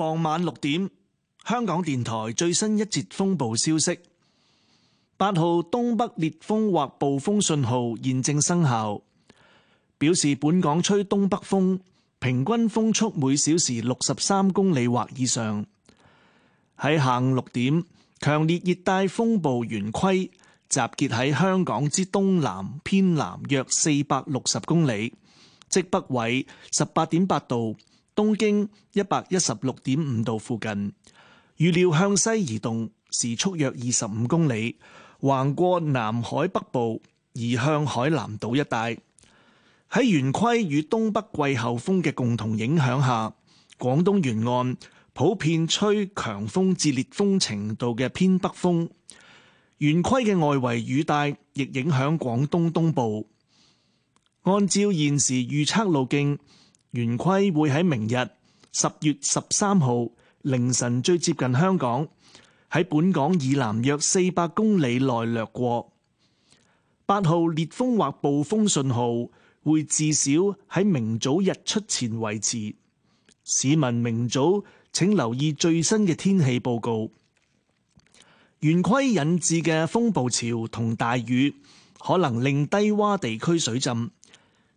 傍晚六點，香港電台最新一節風暴消息：八號東北烈風或暴風信號現正生效，表示本港吹東北風，平均風速每小時六十三公里或以上。喺下午六點，強烈熱帶風暴圓規集結喺香港之東南偏南約四百六十公里，即北緯十八點八度。東經一百一十六點五度附近，預料向西移動，時速約二十五公里，橫過南海北部移向海南島一帶。喺圓規與東北季候風嘅共同影響下，廣東沿岸普遍吹強風至烈風程度嘅偏北風。圓規嘅外圍雨帶亦影響廣東東部。按照現時預測路徑，圓規會喺明日十月十三號凌晨最接近香港，喺本港以南約四百公里內掠過。八號烈風或暴風信號會至少喺明早日出前維持。市民明早請留意最新嘅天氣報告。圓規引致嘅風暴潮同大雨，可能令低窪地區水浸。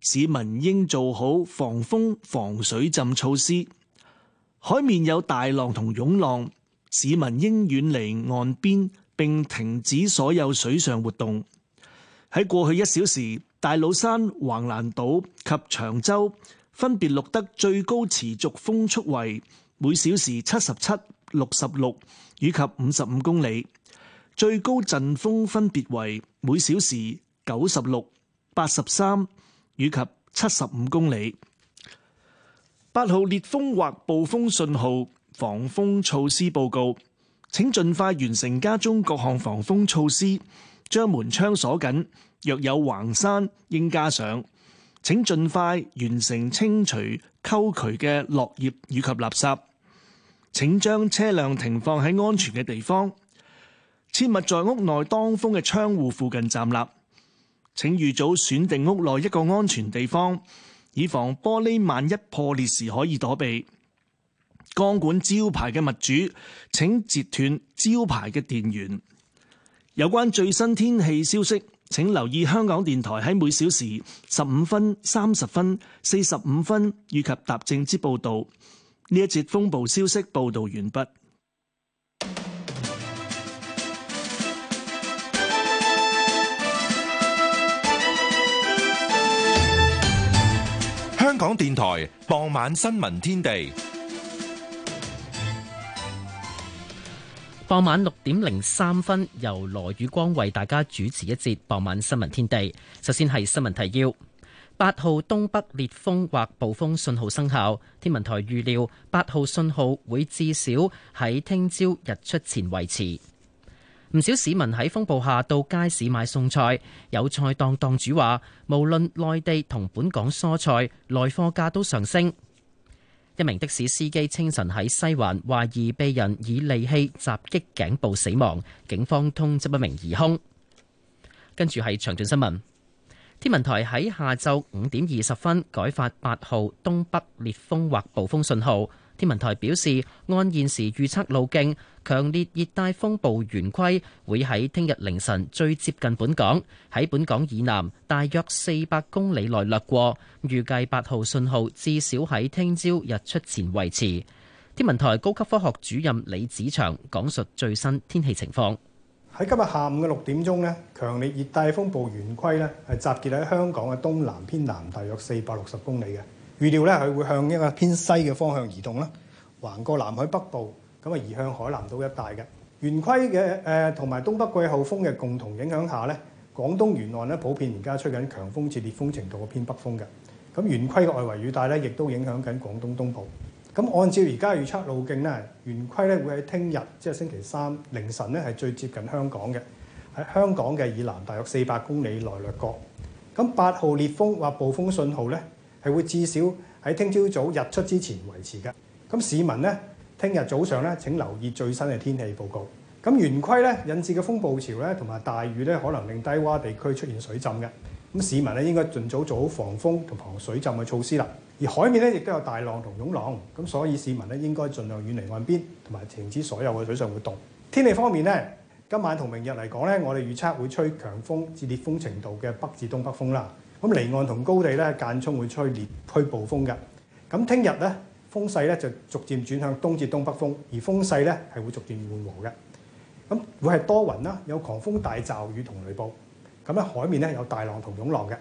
市民應做好防風防水浸措施。海面有大浪同湧浪，市民應遠離岸邊並停止所有水上活動。喺過去一小時，大老山、橫瀾島及長洲分別錄得最高持續風速為每小時七十七、六十六以及五十五公里，最高陣風分別為每小時九十六、八十三，以及七十五公里。八號烈風或暴風信號，防風措施報告，請盡快完成家中各項防風措施，將門窗鎖緊，若有橫山應加上，請盡快完成清除溝渠嘅落葉以及垃圾，請將車輛停放喺安全嘅地方，切勿在屋內當風嘅窗戶附近站立。請預早選定屋內一個安全地方，以防玻璃萬一破裂時可以躲避。光管招牌嘅物主，請截斷招牌嘅電源。有關最新天氣消息，請留意香港電台喺每小時十五分、三十分、四十五分以及踏正之報道。呢一節風暴消息報道完畢。香港電台傍晚新聞天地，傍晚六點零三分由羅宇光為大家主持一節傍晚新聞天地。首先係新聞提要：八號東北烈風或暴風信號生效，天文台預料八號信號會至少喺聽朝日出前維持。唔少市民喺風暴下到街市買餸菜，有菜檔檔主話，無論內地同本港蔬菜，內貨價都上升。一名的士司機清晨喺西環懷疑被人以利器襲擊頸部死亡，警方通緝一名疑凶。跟住係長段新聞，天文台喺下晝五點二十分改發八號東北烈風或暴風信號。天文台表示，按現時預測路徑，強烈熱帶風暴圓規會喺聽日凌晨最接近本港，喺本港以南大約四百公里內掠過，預計八號信號至少喺聽朝日出前維持。天文台高級科學主任李子祥講述最新天氣情況，喺今日下午嘅六點鐘呢，強烈熱帶風暴圓規呢，係集結喺香港嘅東南偏南大約四百六十公里嘅。預料咧，佢會向一個偏西嘅方向移動啦，橫過南海北部，咁啊移向海南島一帶嘅。圓規嘅誒同埋東北季候風嘅共同影響下咧，廣東沿岸咧普遍而家吹緊強風至烈風程度嘅偏北風嘅。咁圓規嘅外圍雨帶咧，亦都影響緊廣東東部。咁按照而家預測路徑咧，圓規咧會喺聽日即係星期三凌晨咧係最接近香港嘅，喺香港嘅以南大約四百公里內掠過。咁八號烈風或暴風信號咧，係會至少喺聽朝早日出之前維持嘅。咁市民呢，聽日早上咧請留意最新嘅天氣報告。咁圓規咧引致嘅風暴潮咧同埋大雨咧，可能令低洼地區出現水浸嘅。咁市民咧應該盡早做好防風同防水浸嘅措施啦。而海面咧亦都有大浪同湧浪，咁所以市民咧應該盡量遠離岸邊同埋停止所有嘅水上活動。天氣方面咧，今晚同明日嚟講咧，我哋預測會吹強風至烈風程度嘅北至東北風啦。咁離岸同高地咧，間中會吹烈吹暴風嘅，咁聽日咧，風勢咧就逐漸轉向東至東北風，而風勢咧係會逐漸緩和嘅，咁會係多雲啦，有狂風大驟雨同雷暴，咁咧，海面咧有大浪同湧浪嘅。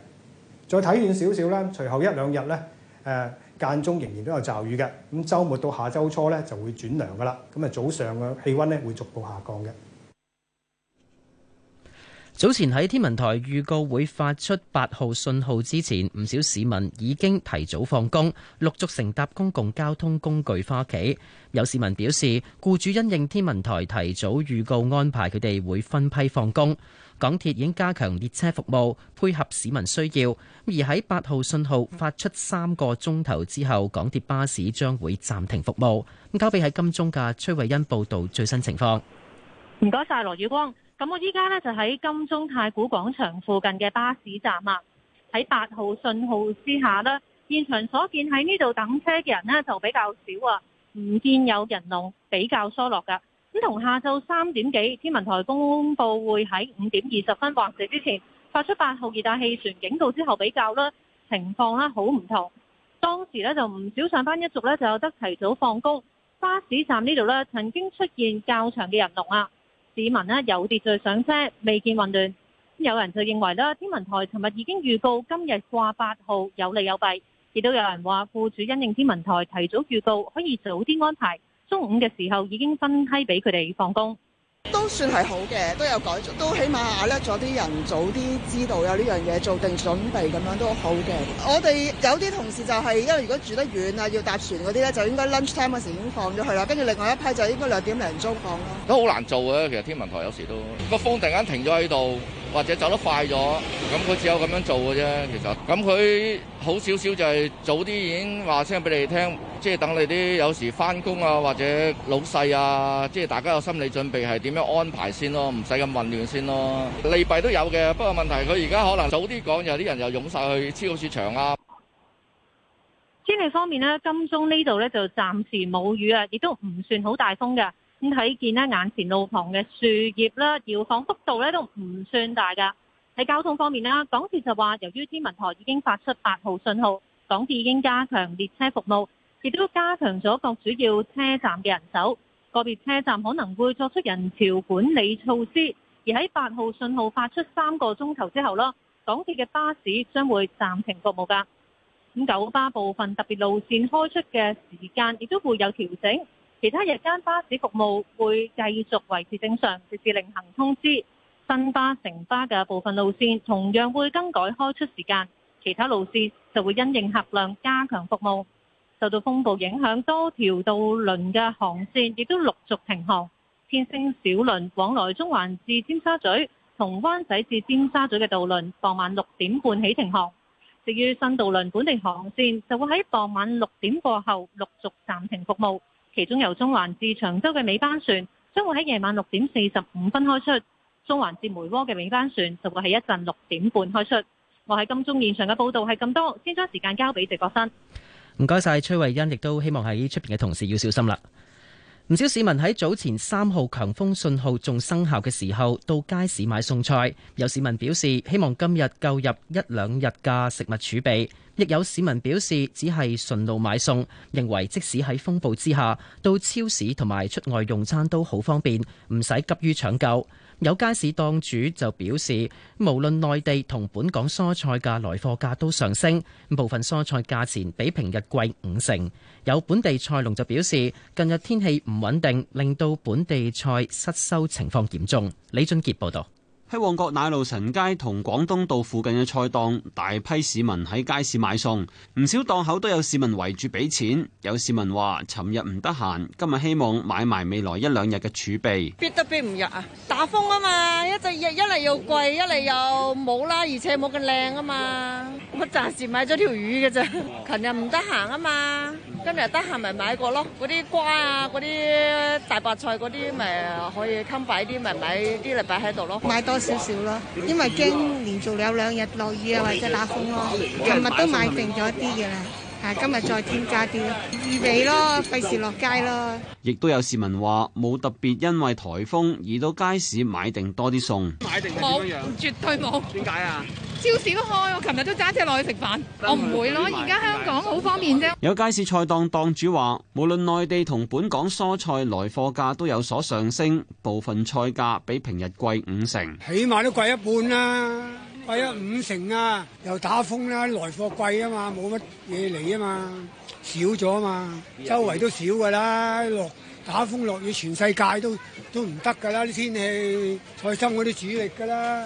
再睇遠少少啦，隨後一兩日咧誒間中仍然都有驟雨嘅，咁週末到下周初咧就會轉涼噶啦，咁啊，早上嘅氣温咧會逐步下降嘅。早前喺天文台預告會發出八號信號之前，唔少市民已經提早放工，陸續乘搭公共交通工具返屋企。有市民表示，僱主因應天文台提早預告安排，佢哋會分批放工。港鐵已經加強列車服務，配合市民需要。而喺八號信號發出三個鐘頭之後，港鐵巴士將會暫停服務。交俾喺金鐘嘅崔慧恩報導最新情況。唔該晒，羅宇光。咁我依家咧就喺金鐘太古廣場附近嘅巴士站啊，喺八號信號之下呢，現場所見喺呢度等車嘅人呢，就比較少啊，唔見有人龍，比較疏落噶。咁同下晝三點幾天文台公布會喺五點二十分或者之前發出八號熱帶氣旋警告之後比較啦情況啦好唔同，當時咧就唔少上班一族咧就有得提早放工，巴士站呢度咧曾經出現較長嘅人龍啊。市民咧有秩序上車，未見混亂。有人就認為咧，天文台尋日已經預告今日掛八號，有利有弊。亦都有人話，僱主因應天文台提早預告，可以早啲安排。中午嘅時候已經分批俾佢哋放工。都算係好嘅，都有改，都起碼 alert 咗啲人早啲知道有呢樣嘢，做定準備，咁樣都好嘅。我哋有啲同事就係因為如果住得遠啊，要搭船嗰啲咧，就應該 lunch time 嗰時已經放咗去啦。跟住另外一批就應該兩點零鐘放咯。都好難做嘅，其實天文台有時都個風突然間停咗喺度，或者走得快咗，咁佢只有咁樣做嘅啫。其實咁佢好少少就係早啲已經話聲俾你聽。即係等你啲有時翻工啊，或者老細啊，即係大家有心理準備，係點樣安排先咯？唔使咁混亂先咯。利弊都有嘅，不過問題佢而家可能早啲講，有啲人又湧晒去超市場啊。天氣方面呢，金鐘呢度呢就暫時冇雨啊，亦都唔算好大風㗎。咁睇見咧，眼前路旁嘅樹葉啦，搖晃幅度咧都唔算大噶。喺交通方面啦，港鐵就話由於天文台已經發出八號信號，港鐵已經加強列車服務。亦都加強咗各主要車站嘅人手，個別車站可能會作出人潮管理措施。而喺八號信號發出三個鐘頭之後咯，港鐵嘅巴士將會暫停服務㗎。咁九巴部分特別路線開出嘅時間亦都會有調整，其他日間巴士服務會繼續維持正常，直至另行通知。新巴、城巴嘅部分路線同樣會更改開出時間，其他路線就會因應客量加強服務。受到風暴影響，多條渡輪嘅航線亦都陸續停航。天星小輪往來中環至尖沙咀同灣仔至尖沙咀嘅渡輪，傍晚六點半起停航。至於新渡輪本地航線，就會喺傍晚六點過後陸續暫停服務。其中由中環至長洲嘅尾班船，將會喺夜晚六點四十五分開出；中環至梅窩嘅尾班船，就會喺一陣六點半開出。我喺金鐘現場嘅報道，係咁多，先將時間交俾謝國生。唔該晒，謝謝崔慧欣，亦都希望喺出邊嘅同事要小心啦。唔少市民喺早前三號強風信號仲生效嘅時候到街市買餸菜，有市民表示希望今日購入一兩日嘅食物儲備，亦有市民表示只係順路買餸，認為即使喺風暴之下，到超市同埋出外用餐都好方便，唔使急於搶救。有街市檔主就表示，無論內地同本港蔬菜嘅來貨價都上升，部分蔬菜價錢比平日貴五成。有本地菜農就表示，近日天氣唔穩定，令到本地菜失收情況嚴重。李俊傑報導。喺旺角奶路臣街同廣東道附近嘅菜檔，大批市民喺街市買餸，唔少檔口都有市民圍住俾錢。有市民話：尋日唔得閒，今日希望買埋未來一兩日嘅儲備。逼都逼唔入啊！打風啊嘛，一隻一嚟又貴，一嚟又冇啦，而且冇咁靚啊嘛。我暫時買咗條魚嘅啫，琴日唔得閒啊嘛，今日得閒咪買過咯。嗰啲瓜啊，嗰啲大白菜嗰啲，咪可以襟擺啲，咪買啲嚟擺喺度咯。買多。少少咯，因為驚連續有兩日落雨啊，或者打風咯。琴日都買定咗一啲嘅啦，啊，今日再添加啲咯，預備咯，費事落街咯。亦都有市民話冇特別，因為颱風而到街市買定多啲餸。買定冇？樣樣，絕對冇。點解啊？超市都開，我琴日都揸車落去食飯。我唔會咯，而家香港好方便啫。有街市菜檔檔主話：無論內地同本港蔬菜來貨價都有所上升，部分菜價比平日貴五成。起碼都貴一半啦，貴咗五成啊！又打風啦，來貨貴啊嘛，冇乜嘢嚟啊嘛，少咗啊嘛，周圍都少噶啦。落打風落雨，全世界都都唔得噶啦，啲天氣菜心嗰啲主力噶啦。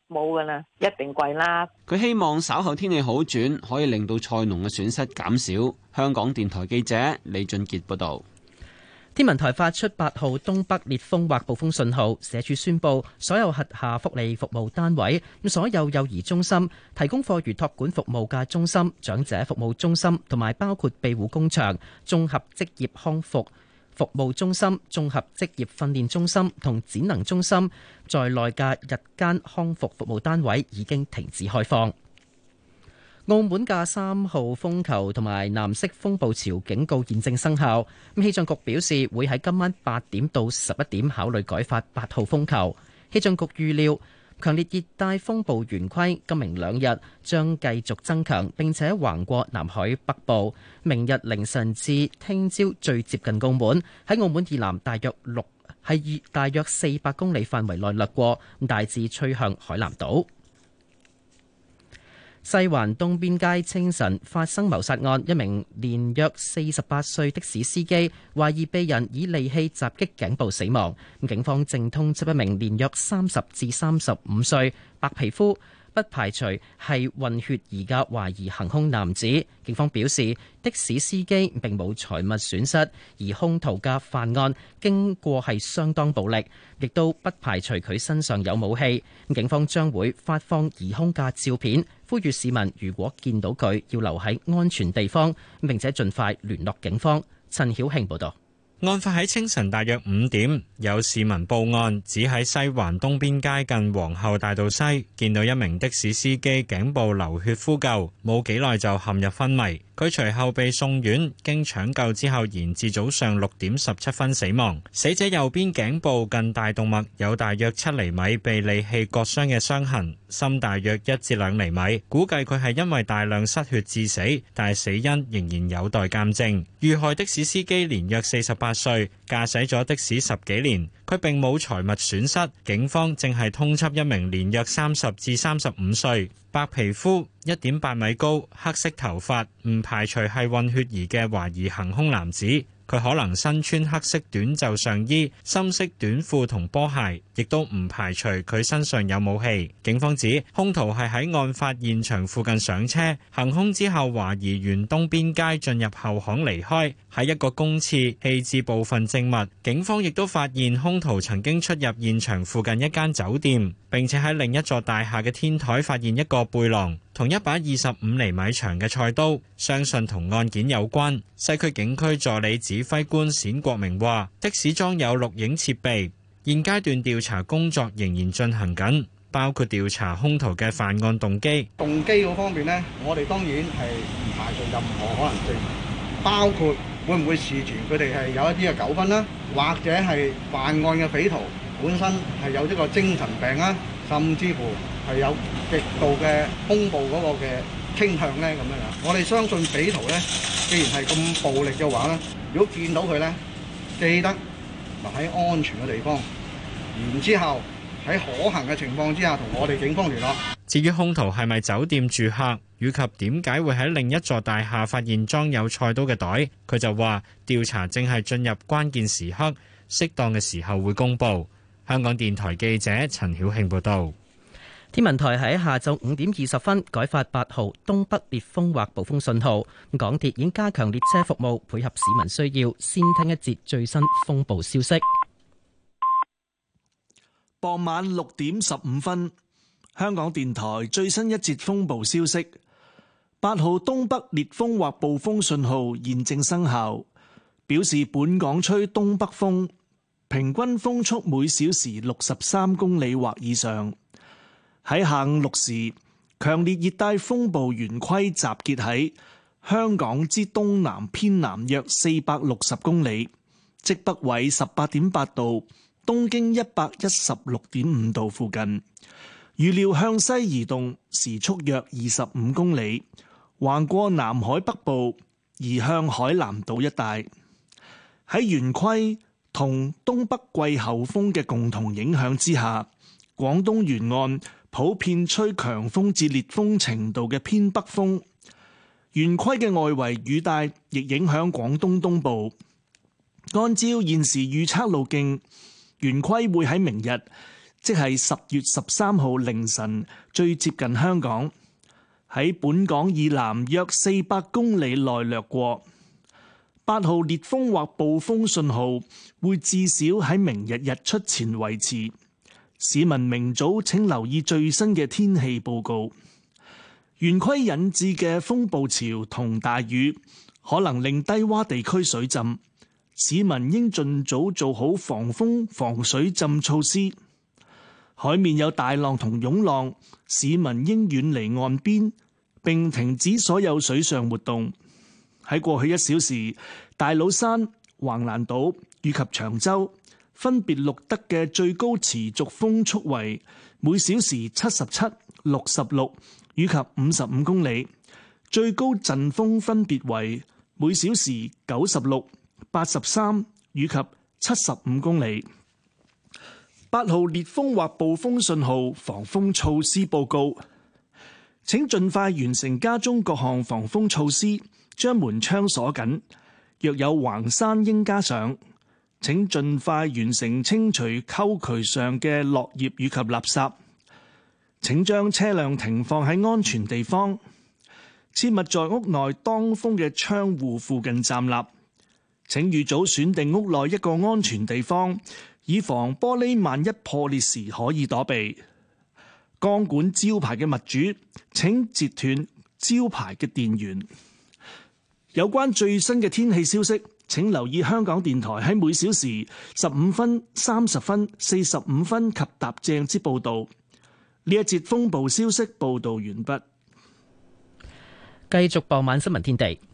冇噶啦，一定貴啦。佢希望稍後天氣好轉，可以令到菜農嘅損失減少。香港電台記者李俊杰報道。天文台發出八號東北烈風或暴風信號，社署宣布所有轄下福利服務單位，咁所有幼兒中心提供課餘託管服務嘅中心、長者服務中心，同埋包括庇護工場、綜合職業康復。服務中心、綜合職業訓練中心同展能中心在內嘅日間康復服務單位已經停止開放。澳門嘅三號風球同埋藍色風暴潮警告現正生效。咁氣象局表示會喺今晚八點到十一點考慮改發八號風球。氣象局預料，強烈熱帶風暴圓規今明兩日將繼續增強，並且橫過南海北部。明日凌晨至聽朝最接近澳門，喺澳門以南大約六系以大約四百公里範圍內掠過，大致吹向海南島。西環東邊街清晨發生謀殺案，一名年約四十八歲的士司機懷疑被人以利器襲擊頸部死亡。咁警方正通緝一名年約三十至三十五歲白皮膚，不排除係混血兒嘅懷疑行凶男子，警方表示的士司機並冇財物損失，而兇徒嘅犯案經過係相當暴力，亦都不排除佢身上有武器。警方將會發放疑兇嘅照片，呼籲市民如果見到佢要留喺安全地方，並且盡快聯絡警方。陳曉慶報道。案發喺清晨大約五點，有市民報案，指喺西環東邊街近皇后大道西見到一名的士司機頸部流血呼救，冇幾耐就陷入昏迷。佢隨後被送院，經搶救之後，延至早上六點十七分死亡。死者右邊頸部近大動脈有大約七厘米被利器割傷嘅傷痕，深大約一至兩厘米，估計佢係因為大量失血致死，但係死因仍然有待鑑證。遇害的士司機年約四十八歲，駕駛咗的士十幾年，佢並冇財物損失，警方正係通緝一名年約三十至三十五歲，白皮膚，一點八米高，黑色頭髮，唔排除係混血兒嘅懷疑行凶男子。佢可能身穿黑色短袖上衣、深色短褲同波鞋，亦都唔排除佢身上有武器。警方指，凶徒係喺案發現場附近上車，行凶之後懷疑沿東邊街進入後巷離開，喺一個公廁棄置部分證物。警方亦都發現凶徒曾經出入現場附近一間酒店，並且喺另一座大廈嘅天台發現一個背囊，同一把二十五厘米長嘅菜刀，相信同案件有關。西區警區助理指揮官冼國明話：的士裝有錄影設備，現階段調查工作仍然進行緊，包括調查凶徒嘅犯案動機。動機嗰方面咧，我哋當然係唔排除任何可能性，包括會唔會事前佢哋係有一啲嘅糾紛啦，或者係犯案嘅匪徒本身係有呢個精神病啊。甚至乎係有極度嘅兇暴嗰個嘅傾向呢，咁樣呀，我哋相信匪徒呢，既然係咁暴力嘅話呢，如果見到佢呢，記得留喺安全嘅地方，然之後喺可行嘅情況之下，同我哋警方聯絡。至於兇徒係咪酒店住客，以及點解會喺另一座大廈發現裝有菜刀嘅袋，佢就話調查正係進入關鍵時刻，適當嘅時候會公佈。香港電台記者陳曉慶報道，天文台喺下晝五點二十分改發八號東北烈風或暴風信號，港鐵已加強列車服務，配合市民需要，先聽一節最新風暴消息。傍晚六點十五分，香港電台最新一節風暴消息，八號東北烈風或暴風信號現正生效，表示本港吹東北風。平均風速每小時六十三公里或以上。喺下午六時，強烈熱帶風暴圓規集結喺香港之東南偏南約四百六十公里，即北緯十八點八度，東經一百一十六點五度附近。預料向西移動，時速約二十五公里，橫過南海北部，移向海南島一帶。喺圓規。同東北季候風嘅共同影響之下，廣東沿岸普遍吹強風至烈風程度嘅偏北風，圓規嘅外圍雨帶亦影響廣東東部。按照現時預測路徑，圓規會喺明日，即係十月十三號凌晨最接近香港，喺本港以南約四百公里內掠過。八號烈風或暴風信號會至少喺明日日出前維持，市民明早請留意最新嘅天氣報告。圓規引致嘅風暴潮同大雨，可能令低窪地區水浸，市民應盡早做好防風、防水浸措施。海面有大浪同湧浪，市民應遠離岸邊，並停止所有水上活動。喺過去一小時，大老山、橫瀾島以及長洲分別錄得嘅最高持續風速為每小時七十七、六十六以及五十五公里，最高陣風分別為每小時九十六、八十三以及七十五公里。八號烈風或暴風信號防風措施報告。請盡快完成家中各項防風措施。將門窗鎖緊，若有橫山應加上，請盡快完成清除溝渠上嘅落葉與及垃圾。請將車輛停放喺安全地方，切勿在屋內當風嘅窗戶附近站立。請預早選定屋內一個安全地方，以防玻璃萬一破裂時可以躲避。鋼管招牌嘅物主，請截斷招牌嘅電源。有關最新嘅天氣消息，請留意香港電台喺每小時十五分、三十分、四十五分及踏正之報道。呢一節風暴消息報道完畢，繼續傍晚新聞天地。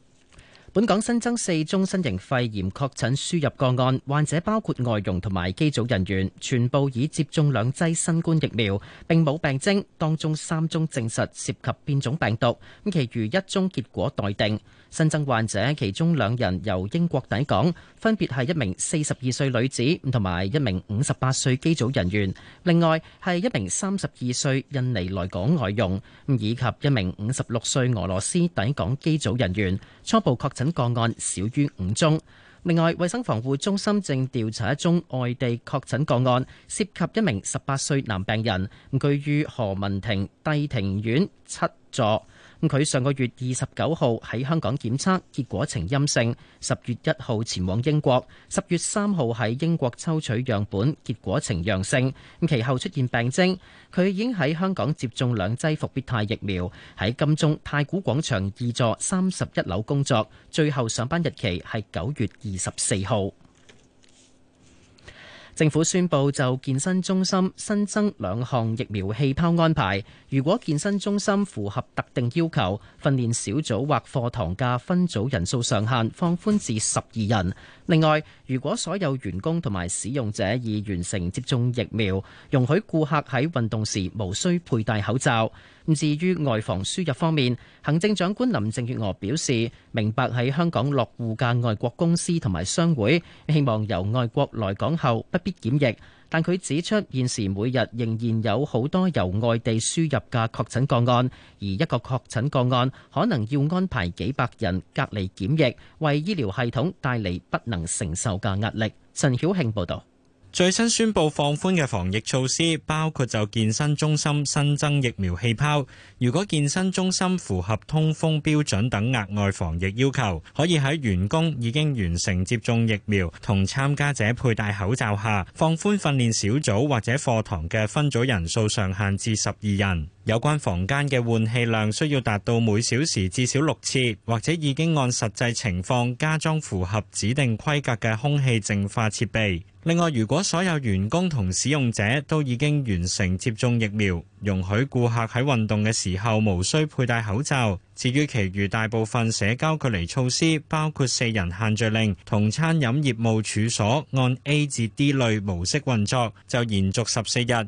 本港新增四宗新型肺炎確診輸入個案，患者包括外佣同埋機組人員，全部已接種兩劑新冠疫苗，並冇病徵。當中三宗證實涉及變種病毒，咁其餘一宗結果待定。新增患者其中兩人由英國抵港，分別係一名四十二歲女子同埋一名五十八歲機組人員。另外係一名三十二歲印尼來港外傭，以及一名五十六歲俄羅斯抵港機組人員，初步確診。個案少於五宗，另外，衛生防護中心正調查一宗外地確診個案，涉及一名十八歲男病人，居於何文田帝庭苑七座。佢上個月二十九號喺香港檢測結果呈陰性，十月一號前往英國，十月三號喺英國抽取樣本結果呈陽性，其後出現病徵。佢已經喺香港接種兩劑復必泰疫苗，喺金鐘太古廣場二座三十一樓工作，最後上班日期係九月二十四號。政府宣布就健身中心新增兩項疫苗氣泡安排，如果健身中心符合特定要求，訓練小組或課堂嘅分組人數上限放寬至十二人。另外，如果所有員工同埋使用者已完成接種疫苗，容許顧客喺運動時無需佩戴口罩。至於外防輸入方面，行政長官林鄭月娥表示，明白喺香港落戶嘅外國公司同埋商會，希望由外國來港後不必檢疫。但佢指出，現時每日仍然有好多由外地輸入嘅確診個案，而一個確診個案可能要安排幾百人隔離檢疫，為醫療系統帶嚟不能承受嘅壓力。陳曉慶報道。最新宣布放寬嘅防疫措施，包括就健身中心新增疫苗氣泡，如果健身中心符合通風標準等額外防疫要求，可以喺員工已經完成接種疫苗同參加者佩戴口罩下，放寬訓練小組或者課堂嘅分組人數上限至十二人。有關房間嘅換氣量需要達到每小時至少六次，或者已經按實際情況加裝符合指定規格嘅空氣淨化設備。另外，如果所有員工同使用者都已經完成接種疫苗，容許顧客喺運動嘅時候無需佩戴口罩。至於其餘大部分社交距離措施，包括四人限聚令同餐飲業務處所按 A 至 D 類模式運作，就延續十四日。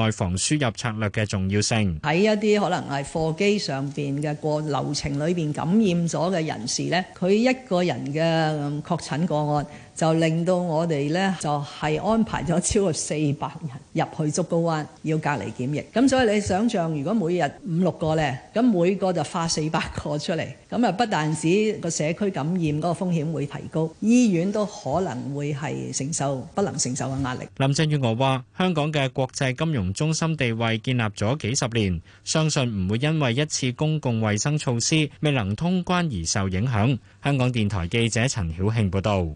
外防輸入策略嘅重要性，喺一啲可能係貨機上邊嘅過流程裏邊感染咗嘅人士咧，佢一個人嘅確診個案。就令到我哋咧，就係安排咗超過四百人入去竹篙灣要隔離檢疫。咁所以你想象，如果每日五、六個咧，咁每個就發四百個出嚟，咁啊，不但止個社區感染嗰個風險會提高，醫院都可能會係承受不能承受嘅壓力。林鄭月娥話：香港嘅國際金融中心地位建立咗幾十年，相信唔會因為一次公共衞生措施未能通關而受影響。香港電台記者陳曉慶報道。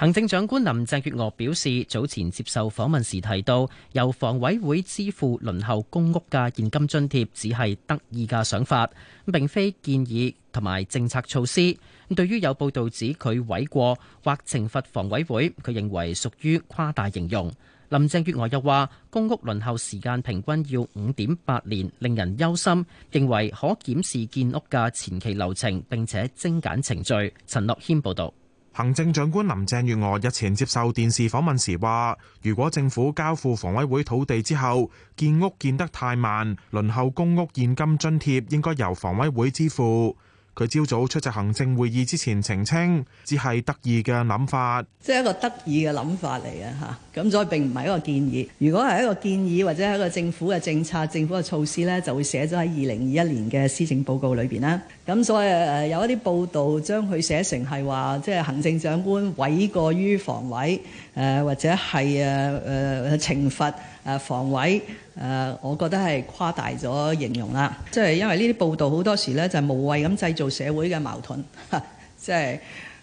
行政長官林鄭月娥表示，早前接受訪問時提到，由房委會支付輪候公屋嘅現金津貼，只係得意嘅想法，咁並非建議同埋政策措施。咁對於有報道指佢諉過或懲罰房委會，佢認為屬於誇大形容。林鄭月娥又話，公屋輪候時間平均要五點八年，令人憂心，認為可檢視建屋嘅前期流程，並且精簡程序。陳樂軒報導。行政長官林鄭月娥日前接受電視訪問時話：「如果政府交付房委會土地之後，建屋建得太慢，輪候公屋現金津貼應該由房委會支付。」佢朝早出席行政會議之前澄清，只係得意嘅諗法，即係一個得意嘅諗法嚟嘅嚇。咁所以並唔係一個建議。如果係一個建議或者係一個政府嘅政策、政府嘅措施咧，就會寫咗喺二零二一年嘅施政報告裏邊啦。咁所以有一啲報道將佢寫成係話，即係行政長官委過於防衞。誒或者係誒誒懲罰誒防衞誒，我覺得係誇大咗形容啦。即係因為呢啲報道好多時咧，就無謂咁製造社會嘅矛盾。即係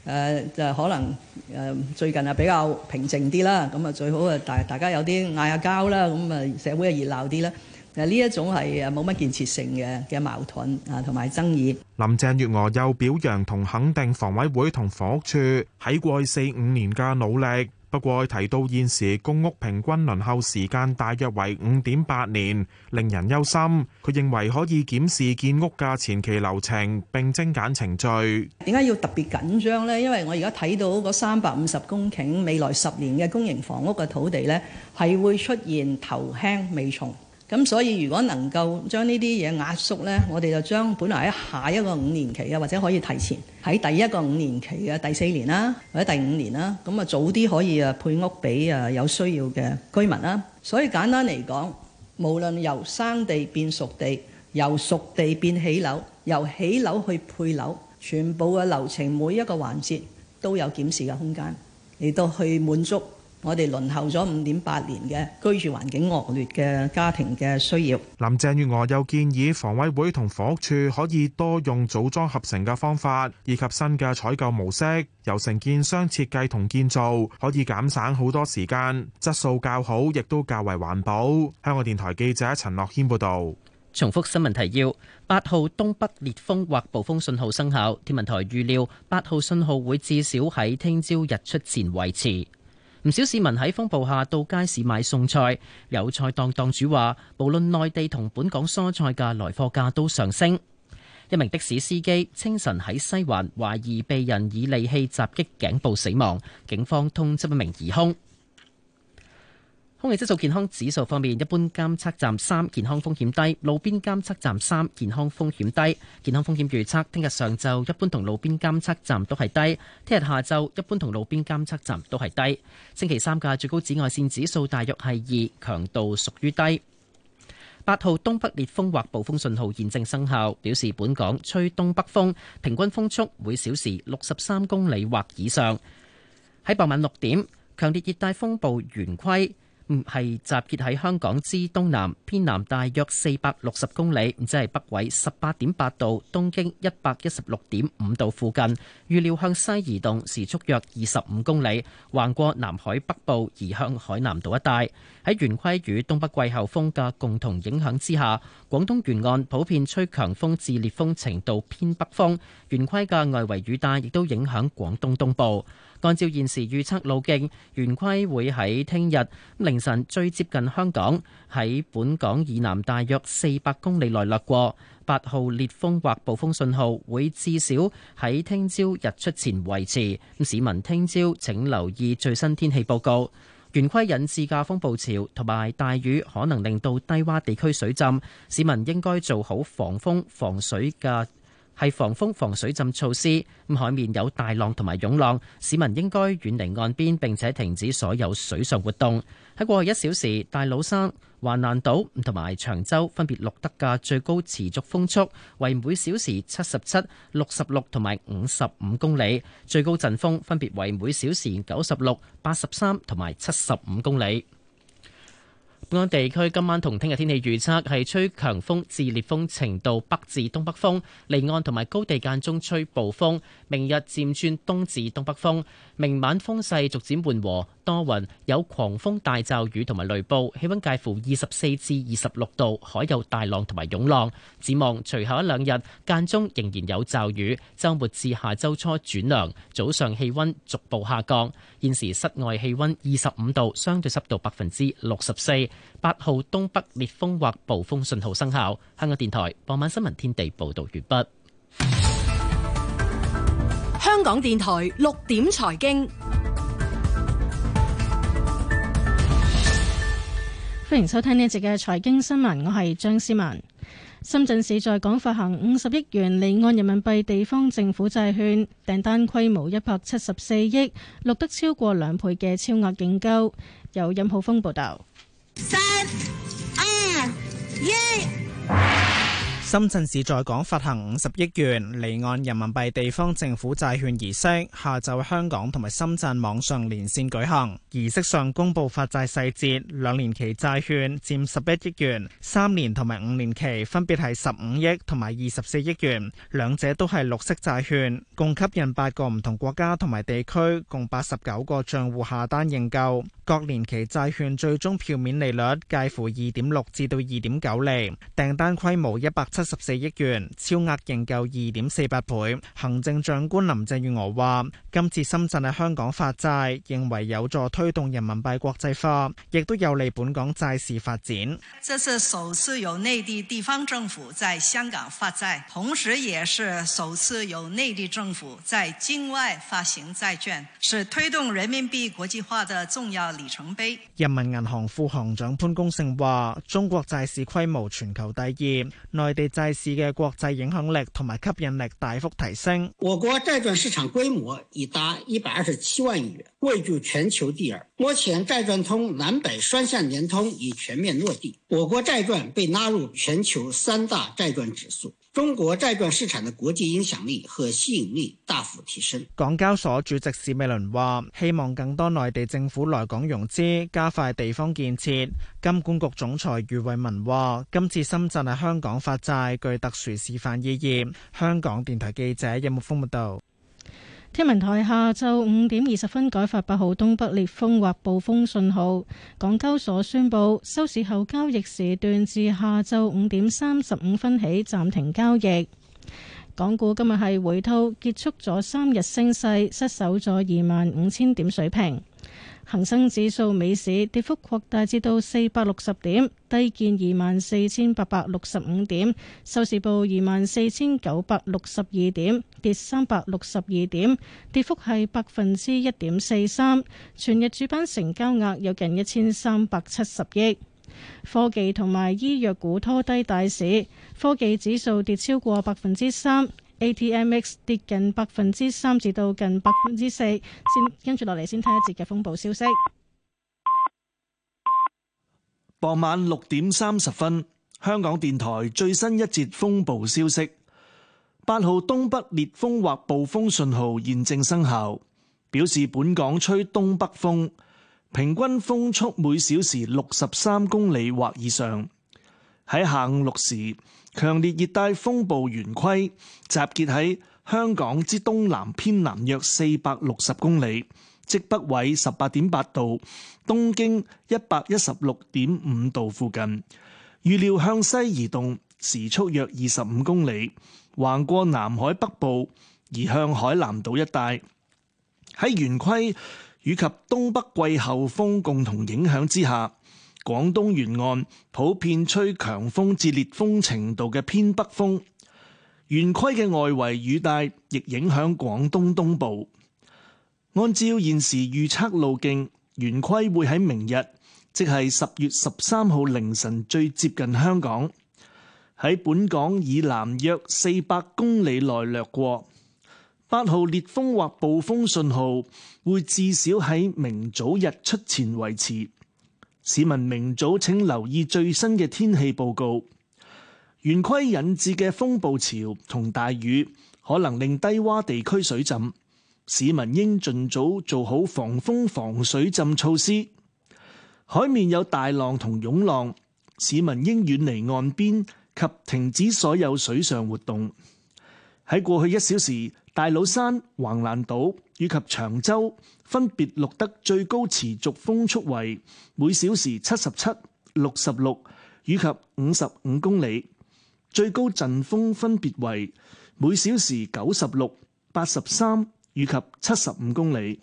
誒就可能誒最近啊比較平靜啲啦，咁啊最好啊大大家有啲嗌下交啦，咁啊社會啊熱鬧啲啦。誒呢一種係誒冇乜建設性嘅嘅矛盾啊同埋爭議。林鄭月娥又表揚同肯定房委會同房屋處喺過去四五年嘅努力。不過提到現時公屋平均輪候時間大約為五點八年，令人憂心。佢認為可以檢視建屋嘅前期流程，並精簡程序。點解要特別緊張呢？因為我而家睇到嗰三百五十公頃未來十年嘅公營房屋嘅土地呢，係會出現頭輕尾重。咁所以如果能夠將呢啲嘢壓縮呢，我哋就將本來喺下一個五年期啊，或者可以提前喺第一個五年期嘅第四年啦、啊，或者第五年啦、啊，咁啊早啲可以啊配屋俾啊有需要嘅居民啦、啊。所以簡單嚟講，無論由生地變熟地，由熟地變起樓，由起樓去配樓，全部嘅流程每一個環節都有檢視嘅空間，嚟到去滿足我哋輪候咗五點八年嘅居住環境惡劣嘅家庭嘅需要。林鄭月娥又建議，房委會同房屋處可以多用組裝合成嘅方法，以及新嘅採購模式，由承建商設計同建造，可以減省好多時間，質素較好，亦都較為環保。香港電台記者陳樂軒報導。重複新聞提要：八號東北烈風或暴風信號生效，天文台預料八號信號會至少喺聽朝日出前維持。唔少市民喺風暴下到街市買餸菜，有菜檔檔主話，無論內地同本港蔬菜嘅來貨價都上升。一名的士司機清晨喺西環懷疑被人以利器襲擊頸部死亡，警方通緝一名疑凶。空氣質素健康指數方面，一般監測站三健康風險低，路邊監測站三健康風險低。健康風險預測，聽日上晝一般同路邊監測站都係低，聽日下晝一般同路邊監測站都係低。星期三嘅最高紫外線指數大約係二，強度屬於低。八號東北烈風或暴風信號現正生效，表示本港吹東北風，平均風速每小時六十三公里或以上。喺傍晚六點，強烈熱帶風暴圓規，嗯，係集結喺香港之東南偏南，大約四百六十公里，唔即係北緯十八點八度，東經一百一十六點五度附近。預料向西移動，時速約二十五公里，橫過南海北部，移向海南島一帶。喺圓規與東北季候風嘅共同影響之下，廣東沿岸普遍吹強風至烈風程度偏北風。圓規嘅外圍雨帶亦都影響廣東東部。按照現時預測路徑，圓規會喺聽日凌晨最接近香港，喺本港以南大約四百公里內掠過。八號烈風或暴風信號會至少喺聽朝日出前維持。市民聽朝請留意最新天氣報告。圓規引致嘅風暴潮同埋大雨可能令到低窪地區水浸，市民應該做好防風防水嘅係防風防水浸措施，咁海面有大浪同埋湧浪，市民應該遠離岸邊並且停止所有水上活動。喺過去一小時，大老山、橫瀾島同埋長洲分別錄得嘅最高持續風速為每小時七十七、六十六同埋五十五公里，最高陣風分別為每小時九十六、八十三同埋七十五公里。本港地區今晚同聽日天氣預測係吹強風至烈風程度，北至東北風，離岸同埋高地間中吹暴風，明日漸轉東至東北風，明晚風勢逐漸緩和。多雲，有狂風、大驟雨同埋雷暴，氣溫介乎二十四至二十六度，海有大浪同埋湧浪。展望隨後一兩日間中仍然有驟雨，周末至下周初轉涼，早上氣溫逐步下降。現時室外氣溫二十五度，相對濕度百分之六十四。八號東北烈風或暴風信號生效。香港電台傍晚新聞天地報道完畢。香港電台六點財經。歡迎收聽呢一節嘅財經新聞，我係張思文。深圳市在港發行五十億元離岸人民幣地方政府債券，訂單規模一百七十四億，錄得超過兩倍嘅超額認購。由任浩峰報道。三二一。深圳市在港發行五十億元離岸人民幣地方政府債券儀式，下晝香港同埋深圳網上連線舉行。儀式上公布發債細節，兩年期債券占十一億元，三年同埋五年期分別係十五億同埋二十四億元，兩者都係綠色債券，共吸引八個唔同國家同埋地區共八十九個賬戶下單認購。各年期債券最終票面利率介乎二點六至到二點九厘，訂單規模一百。七十四億元，超額認購二點四八倍。行政長官林鄭月娥話：今次深圳喺香港發債，認為有助推動人民幣國際化，亦都有利本港債市發展。這是首次由內地地方政府在香港發債，同時也是首次由內地政府在境外發行債券，是推動人民幣國際化的重要里程碑。人民銀行副行長潘功勝話：中國債市規模全球第二，內地債市嘅國際影響力同埋吸引力大幅提升。我國債券市場規模已達一百二十七萬億元，位居全球第二。目前債券通南北雙向聯通已全面落地，我國債券被納入全球三大債券指數。中國債券市場嘅國際影響力和吸引力大幅提升。港交所主席史美倫話：希望更多內地政府來港融資，加快地方建設。金管局總裁余偉文話：今次深圳喺香港發債具特殊示範意義。香港電台記者任木峰報道。天文台下晝五點二十分改發八號東北烈風或暴風信號。港交所宣布收市後交易時段至下晝五點三十五分起暫停交易。港股今日係回吐，結束咗三日升勢，失守咗二萬五千點水平。恒生指數、尾市跌幅擴大至到四百六十點，低見二萬四千八百六十五點，收市報二萬四千九百六十二點，跌三百六十二點，跌幅係百分之一點四三。全日主板成交額有近一千三百七十億。科技同埋醫藥股拖低大市，科技指數跌超過百分之三。ATMX 跌近百分之三至到近百分之四，先跟住落嚟先睇一節嘅風暴消息。傍晚六點三十分，香港電台最新一節風暴消息：八號東北烈風或暴風信號現正生效，表示本港吹東北風，平均風速每小時六十三公里或以上。喺下午六時。強烈熱帶風暴圓規集結喺香港之東南偏南約四百六十公里，即北緯十八點八度、東經一百一十六點五度附近。預料向西移動，時速約二十五公里，橫過南海北部，而向海南島一帶。喺圓規與及東北季候風共同影響之下，廣東沿岸普遍吹強風至烈風程度嘅偏北風，圓規嘅外圍雨帶亦影響廣東東部。按照現時預測路徑，圓規會喺明日，即係十月十三號凌晨最接近香港，喺本港以南約四百公里內掠過。八號烈風或暴風信號會至少喺明早日出前維持。市民明早請留意最新嘅天氣報告，圓規引致嘅風暴潮同大雨可能令低窪地區水浸，市民應盡早做好防風防水浸措施。海面有大浪同湧浪，市民應遠離岸邊及停止所有水上活動。喺過去一小時，大老山、橫瀾島以及長洲分別錄得最高持續風速為每小時七十七、六十六以及五十五公里，最高陣風分別為每小時九十六、八十三以及七十五公里。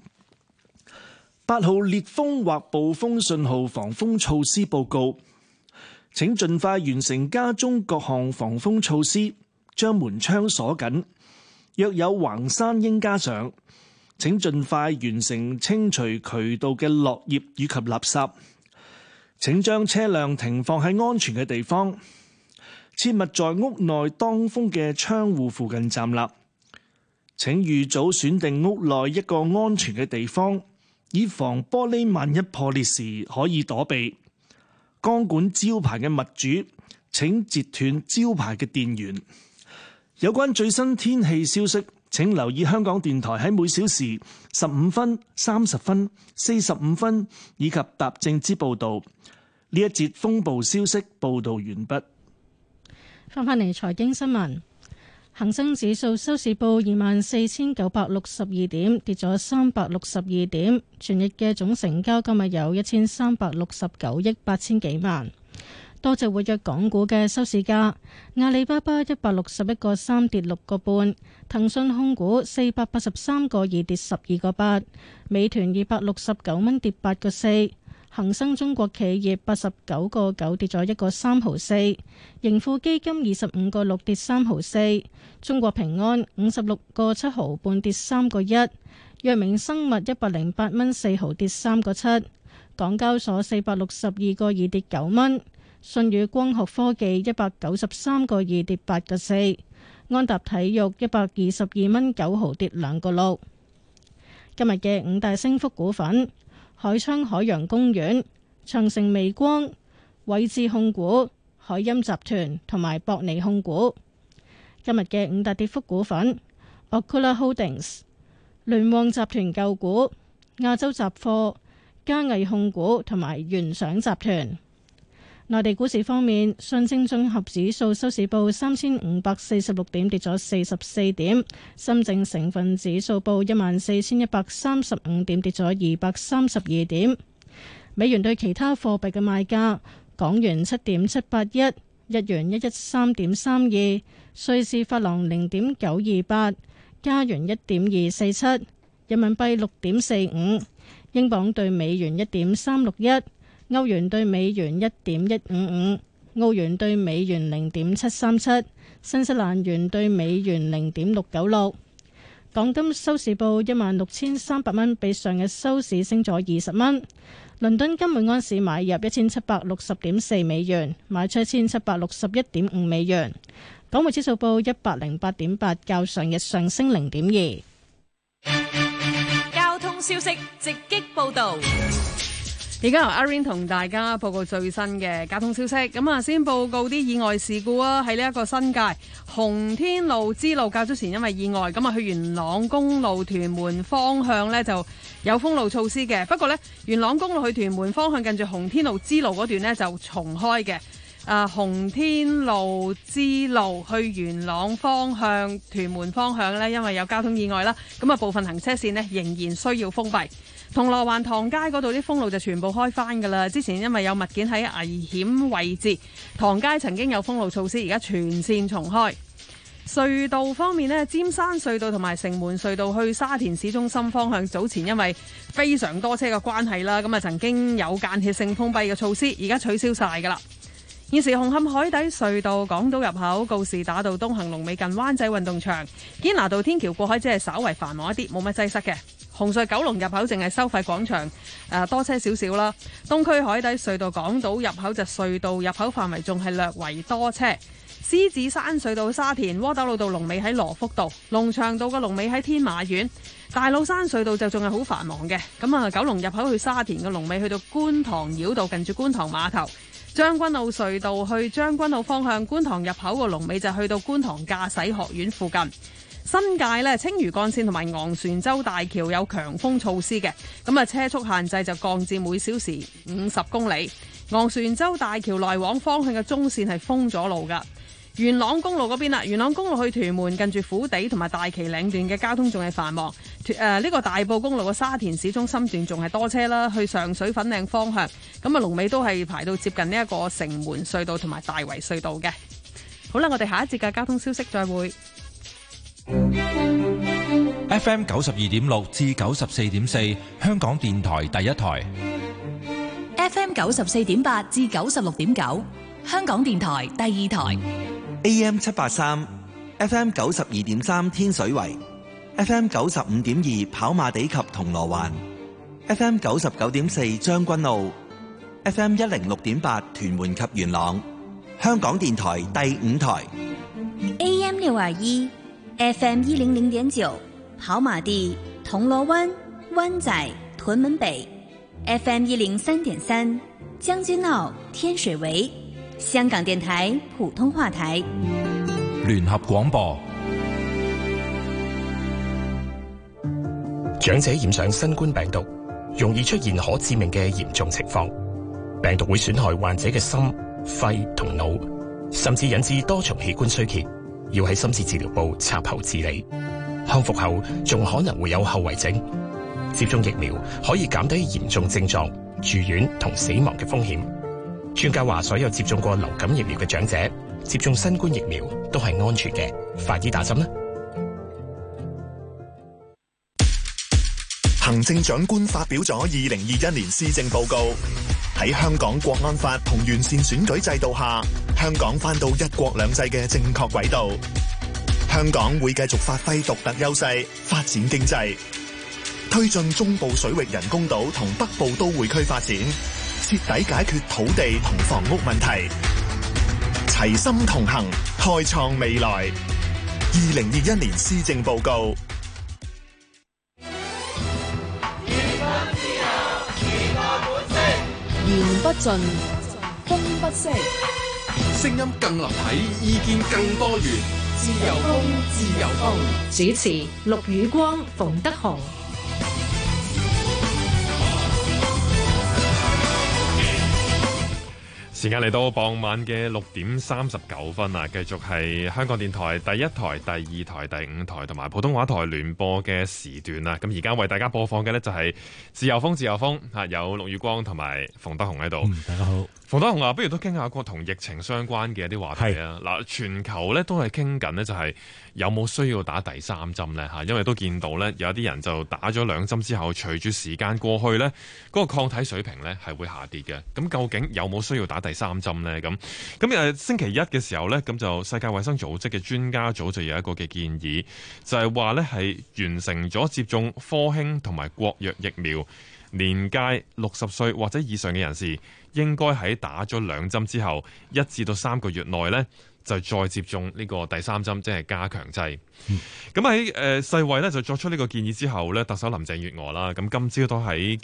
八號烈風或暴風信號防風措施報告，請盡快完成家中各項防風措施，將門窗鎖緊。若有橫山應加上，請盡快完成清除渠道嘅落葉以及垃圾。請將車輛停放喺安全嘅地方，切勿在屋內當風嘅窗戶附近站立。請預早選定屋內一個安全嘅地方，以防玻璃萬一破裂時可以躲避。光管招牌嘅物主，請截斷招牌嘅電源。有關最新天氣消息，請留意香港電台喺每小時十五分、三十分、四十五分以及踏正之報道。呢一節風暴消息報道完畢。翻返嚟財經新聞，恒生指數收市報二萬四千九百六十二點，跌咗三百六十二點。全日嘅總成交今日有一千三百六十九億八千幾萬。多隻活躍港股嘅收市價，阿里巴巴一百六十一個三跌六個半，騰訊控股四百八十三個二跌十二個八，美團二百六十九蚊跌八個四，恒生中國企業八十九個九跌咗一個三毫四，盈富基金二十五個六跌三毫四，中國平安五十六個七毫半跌三個一，藥明生物一百零八蚊四毫跌三個七，港交所四百六十二個二跌九蚊。信宇光學科技一百九十三個二跌八個四，4, 安踏體育一百二十二蚊九毫跌兩個六。今日嘅五大升幅股份：海昌海洋公園、長城微光、偉智控股、海音集團同埋博尼控股。今日嘅五大跌幅股份：Ocula Holdings、聯旺集團舊股、亞洲雜貨、嘉毅控股同埋元想集團。內地股市方面，上證綜合指數收市報三千五百四十六點，跌咗四十四點；深證成分指數報一萬四千一百三十五點，跌咗二百三十二點。美元對其他貨幣嘅賣價：港元七點七八一，日元一一三點三二，瑞士法郎零點九二八，加元一點二四七，人民幣六點四五，英鎊兌美元一點三六一。歐元對美元一點一五五，澳元對美元零點七三七，新西蘭元對美元零點六九六。港金收市報一萬六千三百蚊，比上日收市升咗二十蚊。倫敦金每安士買入一千七百六十點四美元，賣出一千七百六十一點五美元。港匯指數報一百零八點八，較上日上升零點二。交通消息直擊報道。而家由阿 rain 同大家報告最新嘅交通消息。咁啊，先報告啲意外事故啊，喺呢一個新界洪天路支路，較早前因為意外，咁啊去元朗公路屯門方向呢就有封路措施嘅。不過呢，元朗公路去屯門方向近住洪天路支路嗰段呢就重開嘅。啊，洪天路支路去元朗方向，屯門方向呢，因為有交通意外啦，咁啊部分行車線呢仍然需要封閉。銅鑼灣唐街嗰度啲封路就全部開翻噶啦，之前因為有物件喺危險位置，唐街曾經有封路措施，而家全線重開。隧道方面呢，尖山隧道同埋城門隧道去沙田市中心方向，早前因為非常多車嘅關係啦，咁啊曾經有間歇性封閉嘅措施，而家取消晒噶啦。現時紅磡海底隧道港島入口告士打道東行龍尾近灣仔運動場、堅拿道天橋過海，只係稍微繁忙一啲，冇乜擠塞嘅。紅隧九龍入口淨係收費廣場，誒、啊、多車少少啦。東區海底隧道港島入口就隧道入口範圍仲係略為多車。獅子山隧道沙田窩打老道龍尾喺羅福道，龍翔道嘅龍尾喺天馬苑。大老山隧道就仲係好繁忙嘅。咁啊，九龍入口去沙田嘅龍尾去到觀塘繞道近住觀塘碼頭。將軍澳隧道去將軍澳方向觀塘入口嘅龍尾就去到觀塘駕駛學院附近。新界咧，青嶼幹線同埋昂船洲大橋有強風措施嘅，咁啊車速限制就降至每小時五十公里。昂船洲大橋來往方向嘅中線係封咗路噶元朗公路嗰邊啦，元朗公路去屯門近住虎地同埋大旗嶺段嘅交通仲係繁忙。誒呢、呃這個大埔公路嘅沙田市中心段仲係多車啦，去上水粉嶺方向，咁啊龍尾都係排到接近呢一個城門隧道同埋大圍隧道嘅。好啦，我哋下一節嘅交通消息再會。FM 九十二點六至九十四點四，香港電台第一台；FM 九十四點八至九十六點九，香港電台第二台；AM 七八三，FM 九十二點三天水圍；FM 九十五點二跑馬地及銅鑼灣；FM 九十九點四將軍澳；FM 一零六點八屯門及元朗，香港電台第五台；AM 六二一。FM 一零零點九，跑馬地、銅鑼灣、灣仔、屯門北；FM 一零三點三，將軍澳、天水圍。香港電台普通話台。聯合廣播。長者染上新冠病毒，容易出現可致命嘅嚴重情況。病毒會損害患者嘅心、肺同腦，甚至引致多重器官衰竭。要喺深切治療部插喉治理，康復後仲可能會有後遺症。接種疫苗可以減低嚴重症狀、住院同死亡嘅風險。專家話，所有接種過流感疫苗嘅長者，接種新冠疫苗都係安全嘅。快啲打針啦！行政長官發表咗二零二一年施政報告。喺香港國安法同完善選舉制度下，香港返到一國兩制嘅正確軌道。香港會繼續發揮獨特優勢，發展經濟，推進中部水域人工島同北部都會區發展，徹底解決土地同房屋問題。齊心同行，開創未來。二零二一年施政報告。言不盡，風不息，聲音更立體，意見更多元，自由風，自由風。主持：陸雨光、馮德雄。時間嚟到傍晚嘅六點三十九分啊，繼續係香港電台第一台、第二台、第五台同埋普通話台聯播嘅時段啦。咁而家為大家播放嘅呢，就係自，自由風，自由風吓，有陸宇光同埋馮德雄喺度。嗯，大家好，馮德雄啊，不如都傾下個同疫情相關嘅一啲話題啊。嗱是，全球呢都係傾緊呢，就係、是。有冇需要打第三針呢？嚇，因為都見到呢，有啲人就打咗兩針之後，隨住時間過去呢，嗰個抗體水平呢係會下跌嘅。咁究竟有冇需要打第三針呢？咁咁誒，那個、有有星期一嘅時候呢，咁就世界衛生組織嘅專家組就有一個嘅建議，就係話呢係完成咗接種科興同埋國藥疫苗年屆六十歲或者以上嘅人士，應該喺打咗兩針之後一至到三個月內呢，就再接種呢個第三針，即係加強劑。咁喺誒世衛咧，就作出呢個建議之後咧，特首林鄭月娥啦，咁今朝都喺。